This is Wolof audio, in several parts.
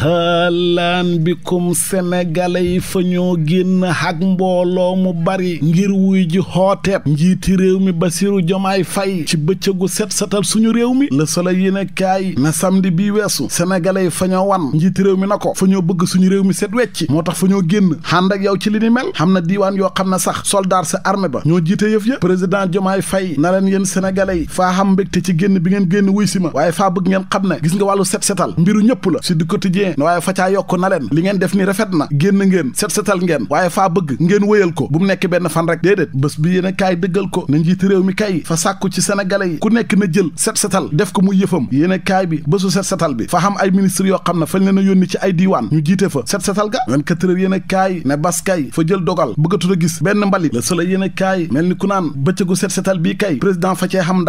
xalaan bikum sénégalais yi fa ñoo génn ak mbooloo mu bari ngir wuy ji xooteet njiiti réew mi Basiru Jomaay Fay ci bëccëgu set setal suñu réew mi Le Soleil yéenekaay na samedi bii weesu sénégalais yi fa ñoo wan njiiti réew mi na ko fa ñoo bëgg suñu réew mi set wecc moo tax fa ñoo génn ànd ak yow ci li ni mel xam na diiwaan yoo xam ne sax soldaar sa armée ba ñoo jiite yëf ya président Jomaay Fay na leen yéen sénégalais yi faa xam mbégte ci génn bi ngeen génn wuy si ma waaye ngeen xam ne gis nga wàllu set setal ñëpp la si du ne waaye fa caa yokk na li ngeen def ni rafet na génn ngeen set setal ngeen waaye faa bëgg ngeen wëyal ko bu mu nekk benn fan rek déedéet bés bi yéen dëggal ko na njiit mi kay fa sàkku ci sénégalais yi ku nekk na jël set setal def ko muy yëfam yéen a kaay bi bésu set setal bi fa xam ay ministre yoo xam ne fañ leen a yónni ci ay diiwaan ñu jiite fa set setal ga 24 heures yéen a ne bas kay fa jël dogal bëggatul gis benn mbalit le soleil yéen a kaay mel ni ku naan bëccëgu set setal bii kay président fa cee xam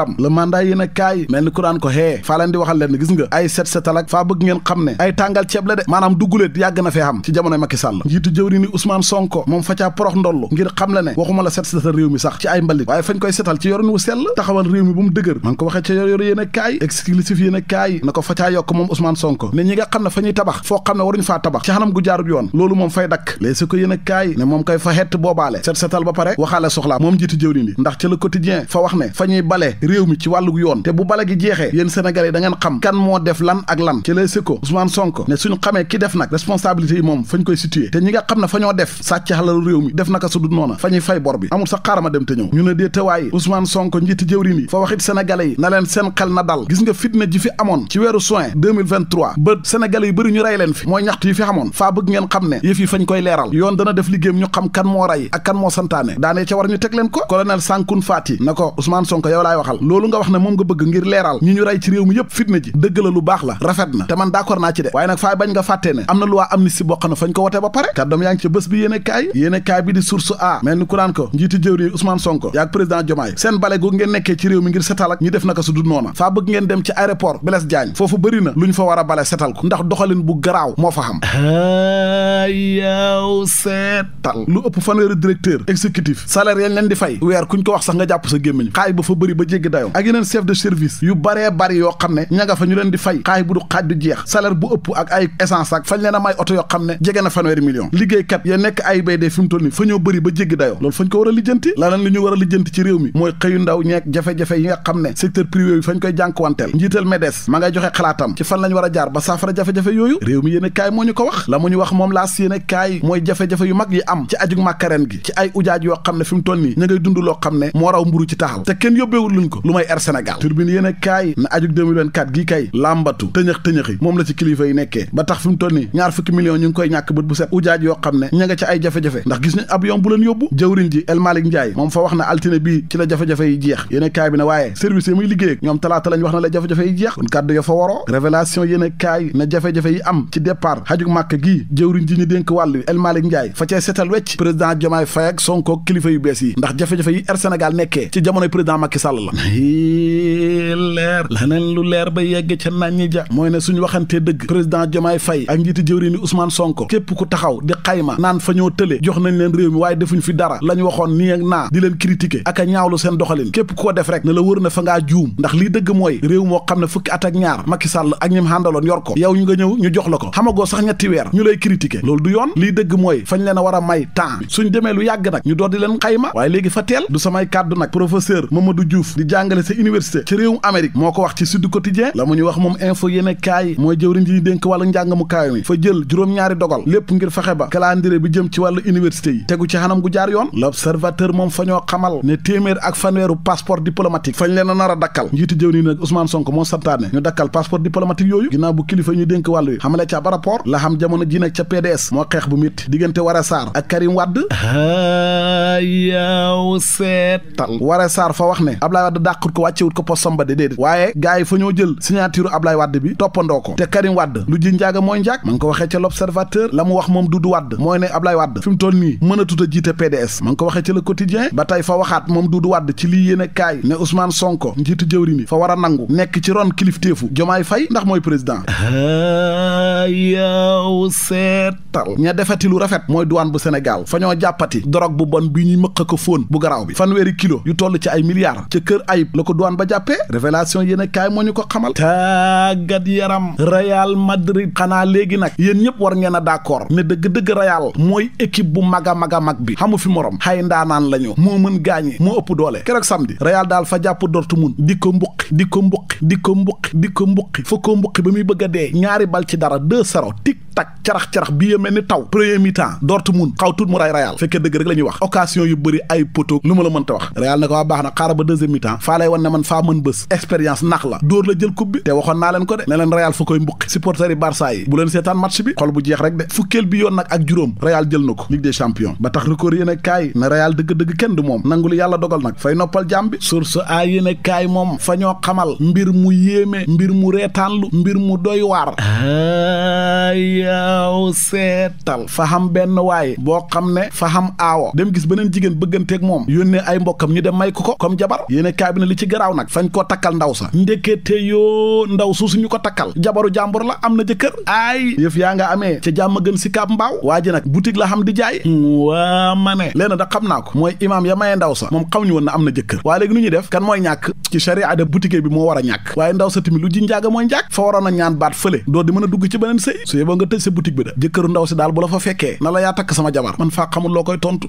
leen di waxal nga ay set setal ak faa ngeen xam ne ay tàngal ceeb la de maanaam dugguleet yàgg na fee xam ci jamono Macky Sall njiitu jëwri ni Ousmane moom fa porox ndoll ngir xam ne waxuma la set setal réew mi sax ci ay mbalit waaye fañ koy setal ci yorin wu sell taxawal réew mi bu mu dëgër man ko waxee ca yor yor yéen a kaay exclusif yéen a kaay na ko fa caa yokk moom Ousmane Sonko ne ñi xam ne fa tabax foo xam ne waruñu faa tabax ci xanam gu jaarut yoon loolu moom fay dakk les si ko yéen a moom koy fa xett boobaale set setal ba pare waxaale soxlaa moom njiitu jëwri ni ndax ca le quotidien fa ne fa ñuy bale réew kan moo def lan ak lan suñu xamee ki def nag responsabilité yi moom fañ koy situé te ñi nga xam ne fa ñoo def sàcc alalu réew mi def naka su dul noona fa ñuy fay bor bi amul sax xaarama dem te ñëw ñu ne dee tawaay Ousmane Sonko njiiti jëwriñ yi fa waxit sénégalais yi na leen seen xel na dal gis nga fitna ji fi amoon ci weeru juin 2023 ba sénégalais yu bëri ñu rey leen fi mooy ñaxtu yi fi amoon faa bëgg ngeen xam ne yëf yi fañ koy leeral yoon dana def liggéeyam ñu xam kan moo rey ak kan moo santaane ñu teg leen ko colonel Sankun Fati na ko Ousmane Sonko yow laay waxal loolu nga wax ne moom nga bëgg ngir leeral ñu rey ci réew mi yëpp fitna ji dëgg la lu la rafet na te man d'accord naa ci de saay bañ nga fàttee ne am na loi amnistie boo xam ne fañ ko wote ba pare kàddoom yaa bés bi yéene kaay yéene kaay bi di source a mel ni ku ko njiiti jëwriñ Ousmane Sonko yaag président Diomaye seen bale gu ngeen nekkee ci réew mi ngir setal ak ñi def naka su dul noona faa bëgg ngeen dem ci aéroport Blaise Diagne foofu bëri na lu fa war bale setal ko ndax doxalin bu garaaw moo fa xam tal lu ëpp fanweeri directeur exécutif salaire yañ leen di fay weer kuñ ko wax sax nga jàpp sa gémmiñ xaay ba fa bëri ba jéggi dayoo ak yeneen chef de service yu baree bari yoo xam ne ña nga fa ñu leen di fay xaay bu du xaaj du jeex salaire bu ëpp ak ay essence ak fañ leen a may oto yoo xam ne jege na fanweeri million liggéeykat ya nekk ay bay dee fi mu toll ni fa ñoo bëri ba jéggi dayoo loolu fañ ko war a lijjanti laneen li ñu war a lijjanti ci réew mi mooy xëyu nga xam ne secteur privé bi fañ koy jànkuwanteel njiital MEDES ma ngay joxe a jaar ba yu mag yi am ci ajug màkkaren gi ci ay ujaaj yoo xam ne fi mu toll nii ña dund loo xam ne moo raw mburu ci taxal te kenn yóbbeewul luñ ko lu may air Sénégal turbine yéen a kaay na ajug 2024 gii kay làmbatu tëñëx tëñëxi moom la ci kilifa yi nekkee ba tax fi mu toll nii ñaar fukki millions ñu ngi koy ñàkk bët bu set ujaaj yoo xam ne ña nga ci ay jafe-jafe ndax gis yi jeex yéen a kaay bi ne waaye service yi muy liggéey ñoom talaata lañ wax na la jafe-jafe yi jeex a kaay na jafe-jafe yi ji ñu dénk wàllu El Malick setal wecc président Diomaye fay ak Sonko kilifa yu bees yi ndax jafe-jafe yi Air Sénégal nekkee ci jamonoy président Macky Sall la leer laneen lu leer ba yegg ca naan ñi ja mooy ne suñu waxantee dëgg président Diomaye Faye ak njiiti jëwriñ ni Ousmane Sonko képp ku taxaw di xayma naan fa ñoo tële jox nañ leen réew mi waaye defuñ fi dara la ñu waxoon nii ak naa di leen critiquer ak a ñaawlu seen doxalin képp ku ko def rek ne la wër na fa ngaa juum ndax lii dëgg mooy réew moo xam ne fukki at ak ñaar Macky Sall ak ñim àndaloon yor ko yow ñu nga ñëw ñu jox la ko xamagoo sax ñetti ñu lay critiquer loolu du yoon lii dëgg mooy may temps suñ demee lu yàgg nag ñu doon di leen xayma waaye léegi fa teel du samay kàddu nag professeur Mamadou Diouf di jàngale sa université ci réewum Amérique moo ko wax ci Sud Quotidien la mu ñu wax moom info yéene kaay mooy jëwriñ ji ñu dénk wàllu njàng mu kaay mi fa jël juróom-ñaari dogal lépp ngir fexe ba calendrier bi jëm ci wàllu université yi tegu ci xanam gu jaar yoon l'observateur moom fa ñoo xamal ne téeméer ak fanweeru passeport diplomatique a nar a dakkal njiitu a ak Karim Wade yaaw seetal Waré Sarr fa wax ne Ablaye Wade dàqut ko wàccewut ko postom ba de déedéet waaye gars yi fa ñoo jël ab Ablaye wadd bi toppandoo ko te Karim Wade lu ji njaaga mooy njaag ma ngi ko waxee ca l'Observateur la mu wax moom Dudu Wade mooy ne Ablaye Wade fi mu toll nii mënatut a jiite PDS ma ko waxee ca la quotidien ba tey fa waxaat moom Dudu Wade ci lii yéene kaay ne Ousmane Sonko njiitu jëwri ni fa war a nangu nekk ci ron kilifteefu Jomaay Fay ndax mooy président gàttal ña defati lu rafet mooy douane bu Sénégal fa ñoo jàppati drogue bu bon bi ñuy mëq ko fóon bu garaaw bi fanweeri kilo yu toll ci ay milliards ca kër ayib la ko douane ba jàppee révélation yéen kaay moo ñu ko xamal tàggat yaram Real Madrid xanaa léegi nag yéen ñëpp war ngeen a d'accord ne dëgg-dëgg Real mooy équipe bu mag a mag a mag bi xamu fi moroom xay ndaanaan la ñu moo mën gaañe moo ëpp doole keroog samedi Real daal fa jàpp Dortmund di ko mbuqi di ko mbuqi di ko mbuqi di ko mbuqi fa ko mbuqi ba muy bëgg a dee ñaari bal ci dara deux zéro tak carax-carax bi mel ni taw premier mi-temps Dortmund xaw tuut mu ray Real fekkee dëgg rek la wax occasion yu bëri ay poteau lu ma la mënta wax Real na ko waa ah, baax na xaara ba deuxième mi-temps faa lay wan ne man faa mën bës expérience nax la dóor la jël coupe bi te waxoon naa leen ko de ne leen Real fa koy mbuqi supporters yi bu leen seetaan match bi xol bu jeex rek de fukkeel bi yoon nag ak juróom Real jël na ko Ligue des champions mu yéeme mbir mu yaaw seetal fa xam benn waaye boo xam ne fa xam aawo dem gis beneen jigéen bëgganteek moom yónnee ay mbokkam ñu dem may ko ko comme jabar yéene kaay bi ne li ci garaaw nag fañ koo takkal ndaw sa ndekete yoo ndaw su ñu ko takkal jabaru jàmbur la am na jëkkër aay yëf yaa nga amee ca jàmm gën si kaab mbaaw waa ji nag boutique la xam di jaay hmm, waa ma ne léena da xam naa ko mooy imaam ya mayee ndaw sa moom xam ñu woon na am na jëkkër waaye léegi nu ñuy def kan mooy ñàkk ci charia de boutique bi moo war a ñàkk waaye ndaw sa tamit a a tëj sa boutique bi de ndaw si daal bu la fa fekkee na sama jabar man faa xamul koy tontu.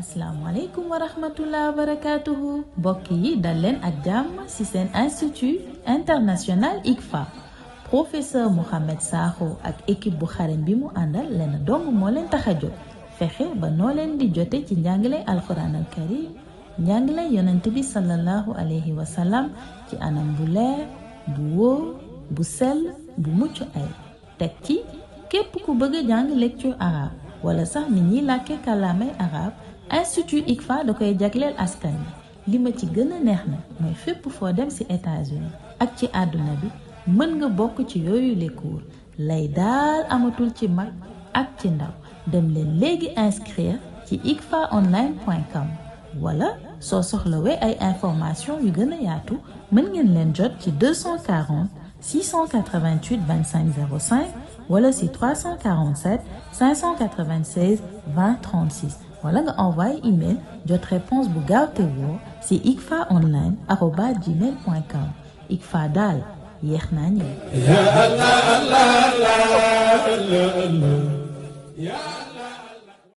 asalaamaaleykum mbokk yi dal leen ak jàmm ci seen institut international ICFA professeur Mouhamed Sakho ak équipe bu xarañ bi mu àndal leen dong moo leen tax a jóg fexe ba noo leen di jote ci njàngale alquran al karim njàngale yonent bi sallallahu alayhi wa sallam ci anam bu leer bu wóor bu sell bu mucc ay teg ci képp ku bëgg a jàng lecture arabe wala sax ni ñiy làkke kàllaamay arabe institut ICFA da koy jagleel askan bi li ma ci gën a neex na mooy fépp foo dem ci États-Unis ak ci àdduna bi mën nga bokk ci yooyu les cours lay daal amatul ci mag ak ci ndaw dem leen léegi inscrire ci icfaonline.com wala soo soxlawee ay information yu gën a yaatu mën ngeen leen jot ci 240 688 25 05 wala si 347 596 20 36 wala nga envoyé email jot réponse bu gaaw te woo si ikfa online arobas gmail point com ikfa daal yéex naa ñëw.